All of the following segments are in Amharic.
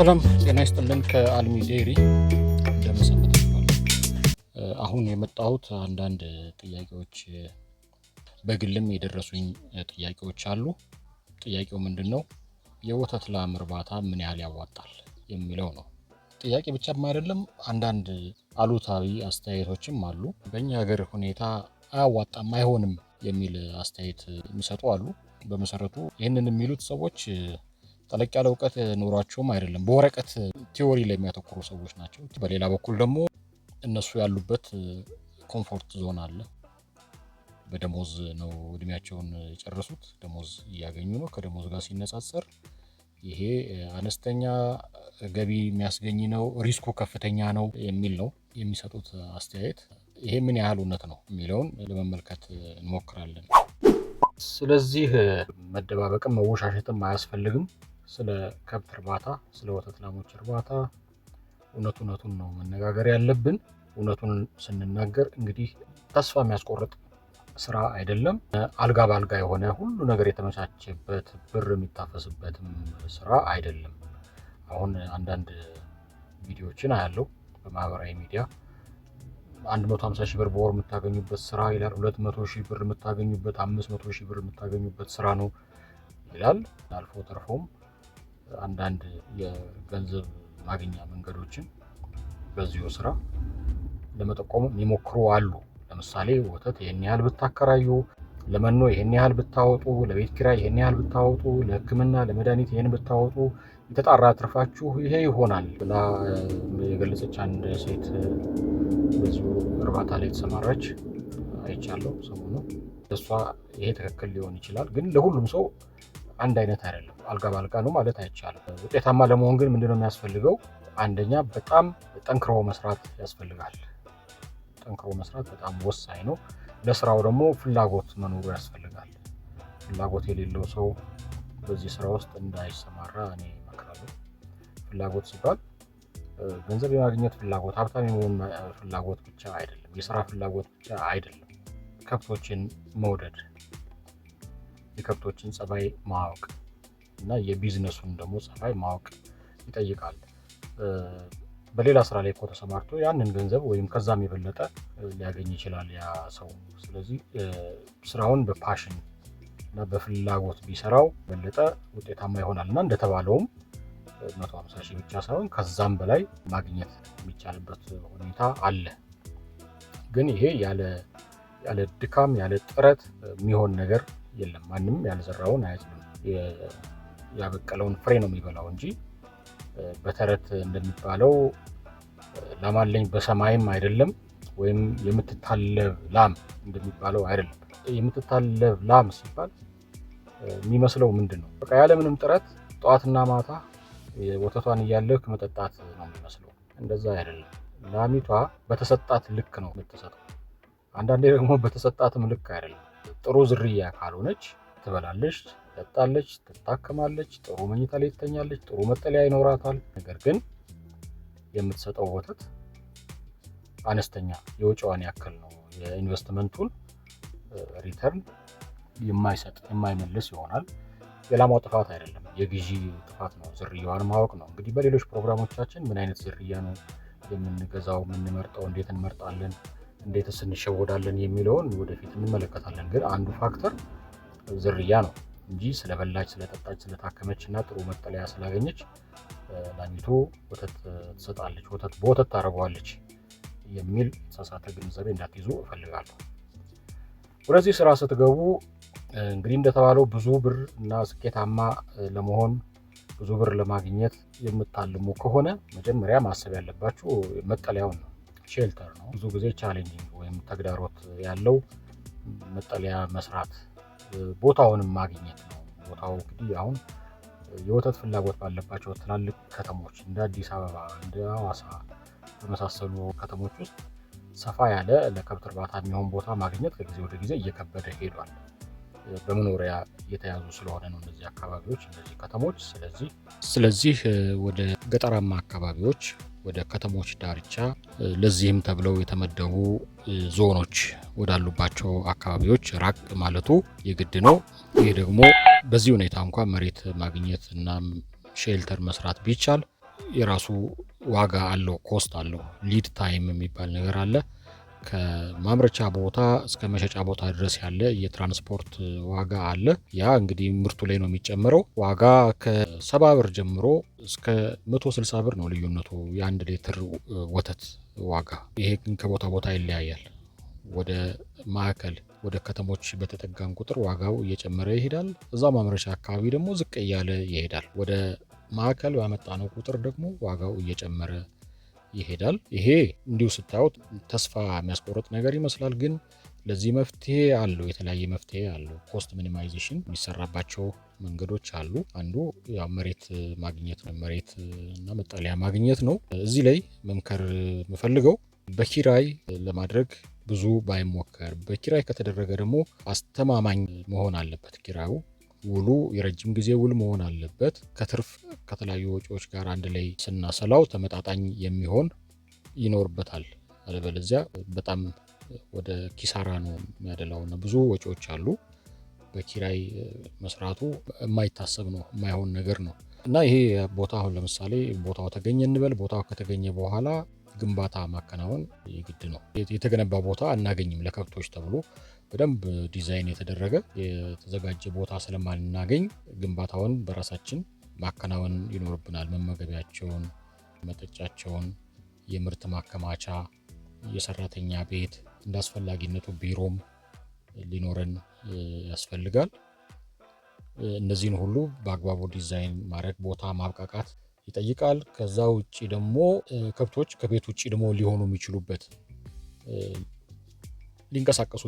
ሰላም ጤና ይስጥልን። ከአልሚ ዴሪ እንደመሰመት አሁን የመጣሁት አንዳንድ ጥያቄዎች በግልም የደረሱኝ ጥያቄዎች አሉ። ጥያቄው ምንድን ነው? የወተት ላም እርባታ ምን ያህል ያዋጣል የሚለው ነው። ጥያቄ ብቻም አይደለም፣ አንዳንድ አሉታዊ አስተያየቶችም አሉ። በእኛ ሀገር ሁኔታ አያዋጣም፣ አይሆንም የሚል አስተያየት የሚሰጡ አሉ። በመሰረቱ ይህንን የሚሉት ሰዎች ጠለቅ ያለ እውቀት ኖሯቸውም አይደለም፣ በወረቀት ቲዎሪ ላይ የሚያተኩሩ ሰዎች ናቸው። በሌላ በኩል ደግሞ እነሱ ያሉበት ኮምፎርት ዞን አለ። በደሞዝ ነው እድሜያቸውን የጨረሱት፣ ደሞዝ እያገኙ ነው። ከደሞዝ ጋር ሲነጻጸር ይሄ አነስተኛ ገቢ የሚያስገኝ ነው፣ ሪስኩ ከፍተኛ ነው የሚል ነው የሚሰጡት አስተያየት። ይሄ ምን ያህል እውነት ነው የሚለውን ለመመልከት እንሞክራለን። ስለዚህ መደባበቅም መወሻሸትም አያስፈልግም። ስለ ከብት እርባታ፣ ስለ ወተት ላሞች እርባታ እውነት እውነቱን ነው መነጋገር ያለብን። እውነቱን ስንናገር እንግዲህ ተስፋ የሚያስቆርጥ ስራ አይደለም። አልጋ በአልጋ የሆነ ሁሉ ነገር የተመቻቸበት ብር የሚታፈስበትም ስራ አይደለም። አሁን አንዳንድ ቪዲዮዎችን አያለው በማህበራዊ ሚዲያ 150 ሺህ ብር በወር የምታገኙበት ስራ ይላል። 200 ሺህ ብር የምታገኙበት፣ 500 ሺህ ብር የምታገኙበት ስራ ነው ይላል። አልፎ ተርፎም አንዳንድ የገንዘብ ማግኛ መንገዶችን በዚሁ ስራ ለመጠቆም የሚሞክሩ አሉ። ለምሳሌ ወተት ይህን ያህል ብታከራዩ፣ ለመኖ ይህን ያህል ብታወጡ፣ ለቤት ኪራይ ይህን ያህል ብታወጡ፣ ለሕክምና ለመድኃኒት ይህን ብታወጡ የተጣራ ትርፋችሁ ይሄ ይሆናል ብላ የገለጸች አንድ ሴት በዚሁ እርባታ ላይ የተሰማራች አይቻለሁ ሰሞኑን። እሷ ይሄ ትክክል ሊሆን ይችላል፣ ግን ለሁሉም ሰው አንድ አይነት አይደለም። አልጋ ባልጋ ነው ማለት አይቻልም። ውጤታማ ለመሆን ግን ምንድነው የሚያስፈልገው? አንደኛ በጣም ጠንክሮ መስራት ያስፈልጋል። ጠንክሮ መስራት በጣም ወሳኝ ነው። ለስራው ደግሞ ፍላጎት መኖሩ ያስፈልጋል። ፍላጎት የሌለው ሰው በዚህ ስራ ውስጥ እንዳይሰማራ እኔ እመክራለሁ። ፍላጎት ሲባል ገንዘብ የማግኘት ፍላጎት፣ ሀብታም የመሆን ፍላጎት ብቻ አይደለም። የስራ ፍላጎት ብቻ አይደለም። ከብቶችን መውደድ የከብቶችን ጸባይ ማወቅ እና የቢዝነሱን ደግሞ ጸባይ ማወቅ ይጠይቃል። በሌላ ስራ ላይ እኮ ተሰማርቶ ያንን ገንዘብ ወይም ከዛም የበለጠ ሊያገኝ ይችላል ያ ሰው። ስለዚህ ስራውን በፓሽን እና በፍላጎት ቢሰራው የበለጠ ውጤታማ ይሆናል እና እንደተባለውም 150 ሺህ ብቻ ሳይሆን ከዛም በላይ ማግኘት የሚቻልበት ሁኔታ አለ። ግን ይሄ ያለ ድካም ያለ ጥረት የሚሆን ነገር የለም። ማንም ያልዘራውን አያጭድም። ያበቀለውን ፍሬ ነው የሚበላው እንጂ በተረት እንደሚባለው ላማለኝ በሰማይም አይደለም ወይም የምትታለብ ላም እንደሚባለው አይደለም። የምትታለብ ላም ሲባል የሚመስለው ምንድን ነው? በቃ ያለምንም ጥረት ጠዋትና ማታ ወተቷን እያለክ መጠጣት ነው የሚመስለው። እንደዛ አይደለም። ላሚቷ በተሰጣት ልክ ነው የምትሰጠው። አንዳንዴ ደግሞ በተሰጣትም ልክ አይደለም። ጥሩ ዝርያ ካልሆነች ትበላለች፣ ትጠጣለች፣ ትታከማለች፣ ጥሩ መኝታ ላይ ትተኛለች፣ ጥሩ መጠለያ ይኖራታል። ነገር ግን የምትሰጠው ወተት አነስተኛ የውጭዋን ያክል ነው። የኢንቨስትመንቱን ሪተርን የማይሰጥ የማይመልስ ይሆናል። የላማው ጥፋት አይደለም፣ የግዢ ጥፋት ነው። ዝርያዋን ማወቅ ነው። እንግዲህ በሌሎች ፕሮግራሞቻችን ምን አይነት ዝርያ ነው የምንገዛው፣ የምንመርጠው፣ እንዴት እንመርጣለን እንዴትስ እንሸወዳለን የሚለውን ወደፊት እንመለከታለን። ግን አንዱ ፋክተር ዝርያ ነው እንጂ ስለበላች፣ ስለጠጣች፣ ስለታከመች እና ጥሩ መጠለያ ስላገኘች ላሚቶ ወተት ትሰጣለች፣ ወተት በወተት ታደርገዋለች የሚል ሳሳተ ግንዛቤ እንዳትይዙ እፈልጋለሁ። ወደዚህ ስራ ስትገቡ እንግዲህ እንደተባለው ብዙ ብር እና ስኬታማ ለመሆን ብዙ ብር ለማግኘት የምታልሙ ከሆነ መጀመሪያ ማሰብ ያለባችሁ መጠለያውን ነው። ሼልተር ነው። ብዙ ጊዜ ቻሌንጂንግ ወይም ተግዳሮት ያለው መጠለያ መስራት ቦታውንም ማግኘት ነው። ቦታው እንግዲህ አሁን የወተት ፍላጎት ባለባቸው ትላልቅ ከተሞች እንደ አዲስ አበባ፣ እንደ ሐዋሳ በመሳሰሉ ከተሞች ውስጥ ሰፋ ያለ ለከብት እርባታ የሚሆን ቦታ ማግኘት ከጊዜ ወደ ጊዜ እየከበደ ሄዷል። በመኖሪያ የተያዙ ስለሆነ ነው እነዚህ አካባቢዎች፣ እነዚህ ከተሞች። ስለዚህ ስለዚህ ወደ ገጠራማ አካባቢዎች ወደ ከተሞች ዳርቻ ለዚህም ተብለው የተመደቡ ዞኖች ወዳሉባቸው አካባቢዎች ራቅ ማለቱ የግድ ነው። ይህ ደግሞ በዚህ ሁኔታ እንኳን መሬት ማግኘት እና ሼልተር መስራት ቢቻል የራሱ ዋጋ አለው፣ ኮስት አለው። ሊድ ታይም የሚባል ነገር አለ። ከማምረቻ ቦታ እስከ መሸጫ ቦታ ድረስ ያለ የትራንስፖርት ዋጋ አለ። ያ እንግዲህ ምርቱ ላይ ነው የሚጨምረው። ዋጋ ከሰባ ብር ጀምሮ እስከ መቶ ስልሳ ብር ነው ልዩነቱ የአንድ ሊትር ወተት ዋጋ። ይሄ ግን ከቦታ ቦታ ይለያያል። ወደ ማዕከል ወደ ከተሞች በተጠጋን ቁጥር ዋጋው እየጨመረ ይሄዳል። እዛ ማምረቻ አካባቢ ደግሞ ዝቅ እያለ ይሄዳል። ወደ ማዕከል ያመጣነው ቁጥር ደግሞ ዋጋው እየጨመረ ይሄዳል። ይሄ እንዲሁ ስታዩት ተስፋ የሚያስቆርጥ ነገር ይመስላል፣ ግን ለዚህ መፍትሄ አለው። የተለያየ መፍትሄ አለው። ኮስት ሚኒማይዜሽን የሚሰራባቸው መንገዶች አሉ። አንዱ ያው መሬት ማግኘት ነው፣ መሬት እና መጠለያ ማግኘት ነው። እዚህ ላይ መምከር የምፈልገው በኪራይ ለማድረግ ብዙ ባይሞከር፣ በኪራይ ከተደረገ ደግሞ አስተማማኝ መሆን አለበት ኪራዩ ውሉ የረጅም ጊዜ ውል መሆን አለበት። ከትርፍ ከተለያዩ ወጪዎች ጋር አንድ ላይ ስናሰላው ተመጣጣኝ የሚሆን ይኖርበታል። አለበለዚያ በጣም ወደ ኪሳራ ነው የሚያደላውና ብዙ ወጪዎች አሉ። በኪራይ መስራቱ የማይታሰብ ነው፣ የማይሆን ነገር ነው እና ይሄ ቦታ አሁን ለምሳሌ ቦታው ተገኘ እንበል። ቦታው ከተገኘ በኋላ ግንባታ ማከናወን የግድ ነው። የተገነባ ቦታ አናገኝም። ለከብቶች ተብሎ በደንብ ዲዛይን የተደረገ የተዘጋጀ ቦታ ስለማናገኝ ግንባታውን በራሳችን ማከናወን ይኖርብናል። መመገቢያቸውን፣ መጠጫቸውን፣ የምርት ማከማቻ፣ የሰራተኛ ቤት እንደ አስፈላጊነቱ ቢሮም ሊኖረን ያስፈልጋል። እነዚህን ሁሉ በአግባቡ ዲዛይን ማድረግ ቦታ ማብቃቃት ይጠይቃል። ከዛ ውጭ ደግሞ ከብቶች ከቤት ውጭ ደግሞ ሊሆኑ የሚችሉበት ሊንቀሳቀሱ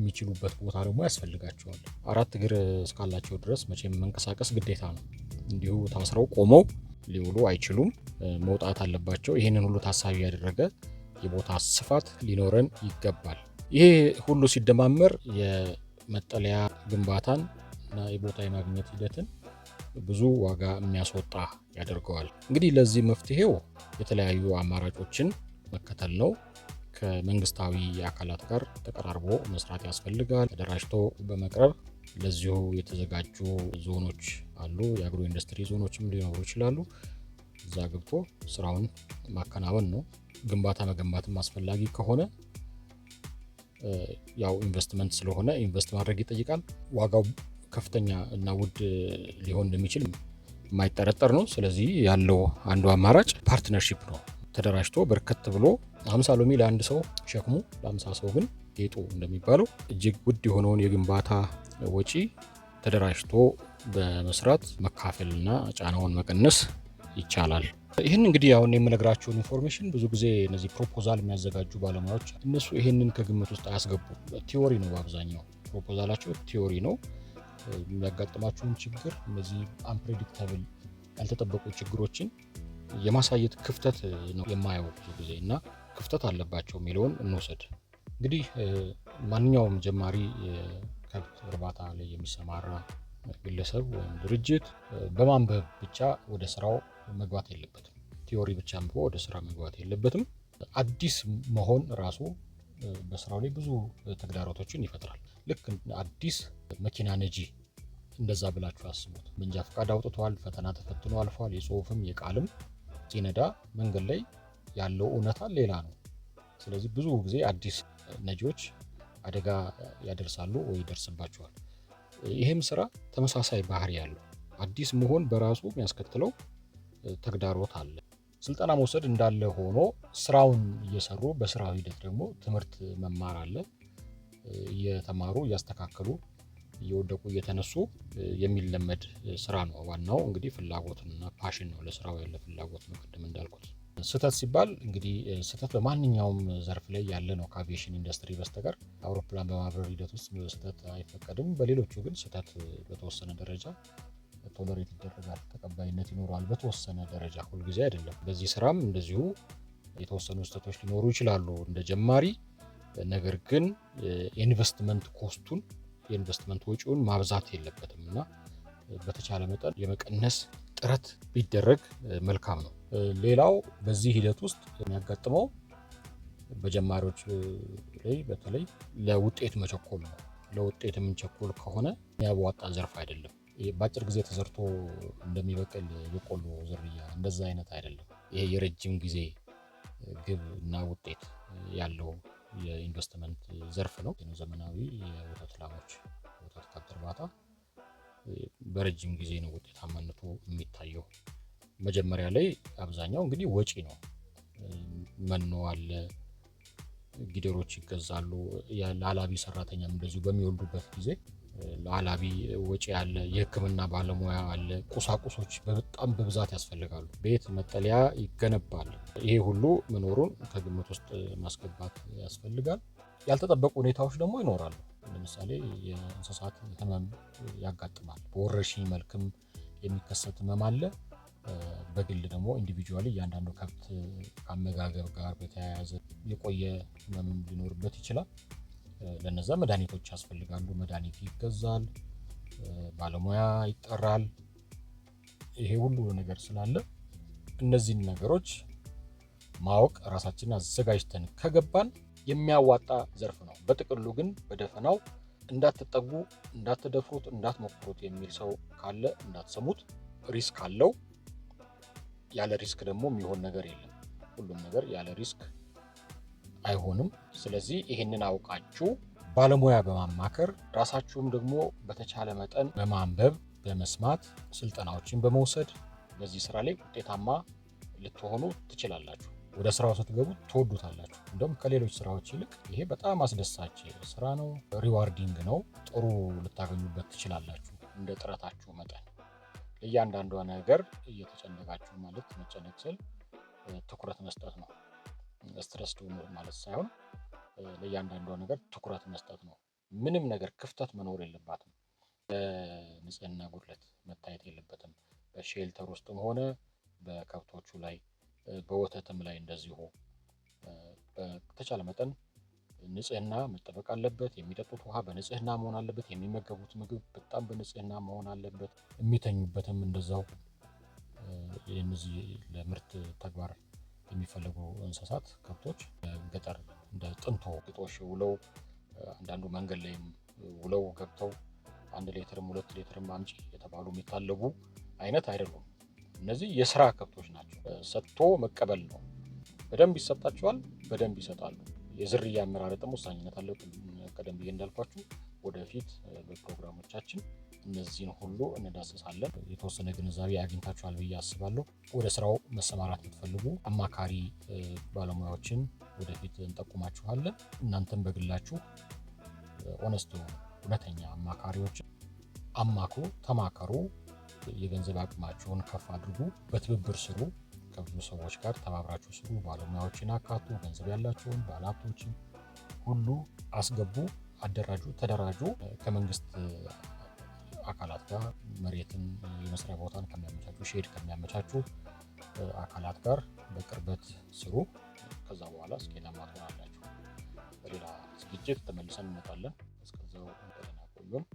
የሚችሉበት ቦታ ደግሞ ያስፈልጋቸዋል። አራት እግር እስካላቸው ድረስ መቼም መንቀሳቀስ ግዴታ ነው። እንዲሁ ታስረው ቆመው ሊውሉ አይችሉም፣ መውጣት አለባቸው። ይህንን ሁሉ ታሳቢ ያደረገ የቦታ ስፋት ሊኖረን ይገባል። ይሄ ሁሉ ሲደማመር የመጠለያ ግንባታን እና የቦታ የማግኘት ሂደትን ብዙ ዋጋ የሚያስወጣ ያደርገዋል። እንግዲህ ለዚህ መፍትሄው የተለያዩ አማራጮችን መከተል ነው። ከመንግስታዊ አካላት ጋር ተቀራርቦ መስራት ያስፈልጋል። ተደራጅቶ በመቅረብ ለዚሁ የተዘጋጁ ዞኖች አሉ። የአግሮ ኢንዱስትሪ ዞኖችም ሊኖሩ ይችላሉ። እዛ ገብቶ ስራውን ማከናወን ነው። ግንባታ መገንባትም አስፈላጊ ከሆነ ያው ኢንቨስትመንት ስለሆነ ኢንቨስት ማድረግ ይጠይቃል። ዋጋው ከፍተኛ እና ውድ ሊሆን እንደሚችል የማይጠረጠር ነው። ስለዚህ ያለው አንዱ አማራጭ ፓርትነርሺፕ ነው። ተደራጅቶ በርከት ብሎ አምሳ ሎሚ ለአንድ ሰው ሸክሙ ለአምሳ ሰው ግን ጌጡ እንደሚባለው እጅግ ውድ የሆነውን የግንባታ ወጪ ተደራጅቶ በመስራት መካፈልና ጫናውን መቀነስ ይቻላል። ይህን እንግዲህ አሁን የምነግራቸውን ኢንፎርሜሽን ብዙ ጊዜ እነዚህ ፕሮፖዛል የሚያዘጋጁ ባለሙያዎች እነሱ ይህንን ከግምት ውስጥ አያስገቡ ቲዎሪ ነው በአብዛኛው ፕሮፖዛላቸው ቲዎሪ ነው። የሚያጋጥማችሁን ችግር እነዚህ አንፕሬዲክታብል ያልተጠበቁ ችግሮችን የማሳየት ክፍተት ነው የማየው ብዙ ጊዜ እና ክፍተት አለባቸው የሚለውን እንውሰድ። እንግዲህ ማንኛውም ጀማሪ ከብት እርባታ ላይ የሚሰማራ ግለሰብ ወይም ድርጅት በማንበብ ብቻ ወደ ስራው መግባት የለበትም። ቲዮሪ ብቻ አንብቦ ወደ ስራ መግባት የለበትም። አዲስ መሆን ራሱ በስራው ላይ ብዙ ተግዳሮቶችን ይፈጥራል። ልክ አዲስ መኪና ነጂ እንደዛ ብላችሁ አስቡት። መንጃ ፈቃድ አውጥተዋል፣ ፈተና ተፈትኖ አልፏል፣ የጽሁፍም የቃልም ሲነዳ መንገድ ላይ ያለው እውነታ ሌላ ነው። ስለዚህ ብዙ ጊዜ አዲስ ነጂዎች አደጋ ያደርሳሉ ወይ ይደርስባቸዋል። ይህም ስራ ተመሳሳይ ባህሪ ያለው አዲስ መሆን በራሱ የሚያስከትለው ተግዳሮት አለ። ስልጠና መውሰድ እንዳለ ሆኖ ስራውን እየሰሩ በስራው ሂደት ደግሞ ትምህርት መማር አለ። እየተማሩ እያስተካከሉ እየወደቁ እየተነሱ የሚለመድ ስራ ነው። ዋናው እንግዲህ ፍላጎትና ፓሽን ነው። ለስራው ያለ ፍላጎት ነው። ቅድም እንዳልኩት ስህተት ሲባል እንግዲህ ስህተት በማንኛውም ዘርፍ ላይ ያለ ነው ከአቪዬሽን ኢንዱስትሪ በስተቀር አውሮፕላን በማብረር ሂደት ውስጥ ስህተት አይፈቀድም። በሌሎቹ ግን ስህተት በተወሰነ ደረጃ ቶለሬት ይደረጋል፣ ተቀባይነት ይኖረዋል። በተወሰነ ደረጃ ሁልጊዜ አይደለም። በዚህ ስራም እንደዚሁ የተወሰኑ ስህተቶች ሊኖሩ ይችላሉ እንደ ጀማሪ ነገር ግን ኢንቨስትመንት ኮስቱን የኢንቨስትመንት ወጪውን ማብዛት የለበትም እና በተቻለ መጠን የመቀነስ ጥረት ቢደረግ መልካም ነው። ሌላው በዚህ ሂደት ውስጥ የሚያጋጥመው በጀማሪዎች ላይ በተለይ ለውጤት መቸኮል ነው። ለውጤት የምንቸኮል ከሆነ የሚያዋጣ ዘርፍ አይደለም። በአጭር ጊዜ ተዘርቶ እንደሚበቅል የቆሎ ዝርያ እንደዛ አይነት አይደለም። ይሄ የረጅም ጊዜ ግብ እና ውጤት ያለው የኢንቨስትመንት ዘርፍ ነው። ዘመናዊ የወተት ላሞች በረጅም ጊዜ ነው ውጤታማነቱ የሚታየው። መጀመሪያ ላይ አብዛኛው እንግዲህ ወጪ ነው። መኖ አለ፣ ጊደሮች ይገዛሉ። ለአላቢ ሰራተኛም እንደዚሁ በሚወልዱበት ጊዜ ለአላቢ ወጪ አለ፣ የህክምና ባለሙያ አለ። ቁሳቁሶች በጣም በብዛት ያስፈልጋሉ። ቤት፣ መጠለያ ይገነባል። ይሄ ሁሉ መኖሩን ከግምት ውስጥ ማስገባት ያስፈልጋል። ያልተጠበቁ ሁኔታዎች ደግሞ ይኖራሉ። ለምሳሌ የእንስሳት ህመም ያጋጥማል። በወረርሽኝ መልክም የሚከሰት ህመም አለ። በግል ደግሞ ኢንዲቪጁዋሊ እያንዳንዱ ከብት ከአመጋገብ ጋር በተያያዘ የቆየ ህመም ሊኖርበት ይችላል። ለነዛ መድኃኒቶች ያስፈልጋሉ። መድኃኒት ይገዛል፣ ባለሙያ ይጠራል። ይሄ ሁሉ ነገር ስላለ እነዚህን ነገሮች ማወቅ ራሳችንን አዘጋጅተን ከገባን የሚያዋጣ ዘርፍ ነው። በጥቅሉ ግን በደፈናው እንዳትጠጉ፣ እንዳትደፍሩት፣ እንዳትሞክሩት የሚል ሰው ካለ እንዳትሰሙት። ሪስክ አለው። ያለ ሪስክ ደግሞ የሚሆን ነገር የለም። ሁሉም ነገር ያለ ሪስክ አይሆንም። ስለዚህ ይሄንን አውቃችሁ ባለሙያ በማማከር ራሳችሁም ደግሞ በተቻለ መጠን በማንበብ በመስማት ስልጠናዎችን በመውሰድ በዚህ ስራ ላይ ውጤታማ ልትሆኑ ትችላላችሁ። ወደ ስራው ስትገቡ ትወዱታላችሁ። እንደውም ከሌሎች ስራዎች ይልቅ ይሄ በጣም አስደሳች ስራ ነው፣ ሪዋርዲንግ ነው። ጥሩ ልታገኙበት ትችላላችሁ እንደ ጥረታችሁ መጠን። ለእያንዳንዷ ነገር እየተጨነቃችሁ ማለት መጨነቅ ስል ትኩረት መስጠት ነው፣ ስትረስ ማለት ሳይሆን ለእያንዳንዷ ነገር ትኩረት መስጠት ነው። ምንም ነገር ክፍተት መኖር የለባትም። ንጽህና ጉድለት መታየት የለበትም። በሼልተር ውስጥም ሆነ በከብቶቹ ላይ በወተትም ላይ እንደዚሁ በተቻለ መጠን ንጽህና መጠበቅ አለበት። የሚጠጡት ውሃ በንጽህና መሆን አለበት። የሚመገቡት ምግብ በጣም በንጽህና መሆን አለበት። የሚተኙበትም እንደዛው። እነዚህ ለምርት ተግባር የሚፈለጉ እንስሳት ከብቶች ገጠር እንደ ጥንቶ ግጦሽ ውለው አንዳንዱ መንገድ ላይም ውለው ገብተው አንድ ሌትርም ሁለት ሌትርም አምጪ የተባሉ የሚታለቡ አይነት አይደሉም። እነዚህ የስራ ከብቶች ናቸው። ሰጥቶ መቀበል ነው። በደንብ ይሰጣቸዋል፣ በደንብ ይሰጣሉ። የዝርያ አመራረጥም ወሳኝነት አለው። ቀደም ብዬ እንዳልኳችሁ ወደፊት በፕሮግራሞቻችን እነዚህን ሁሉ እንዳስሳለን። የተወሰነ ግንዛቤ አግኝታችኋል ብዬ አስባለሁ። ወደ ስራው መሰማራት የምትፈልጉ አማካሪ ባለሙያዎችን ወደፊት እንጠቁማችኋለን። እናንተም በግላችሁ ኦነስቶ እውነተኛ አማካሪዎች አማክሩ፣ ተማከሩ። የገንዘብ አቅማችሁን ከፍ አድርጉ። በትብብር ስሩ። ከብዙ ሰዎች ጋር ተባብራችሁ ስሩ። ባለሙያዎችን አካቱ። ገንዘብ ያላቸውን ባለሀብቶችን ሁሉ አስገቡ። አደራጁ፣ ተደራጁ። ከመንግስት አካላት ጋር መሬትን፣ የመስሪያ ቦታን ከሚያመቻቹ ሼድ ከሚያመቻቹ አካላት ጋር በቅርበት ስሩ። ከዛ በኋላ ስኬታማ ትሆናላችሁ። በሌላ ዝግጅት ተመልሰን እንመጣለን። እስከዛው ጤና ቆዩን።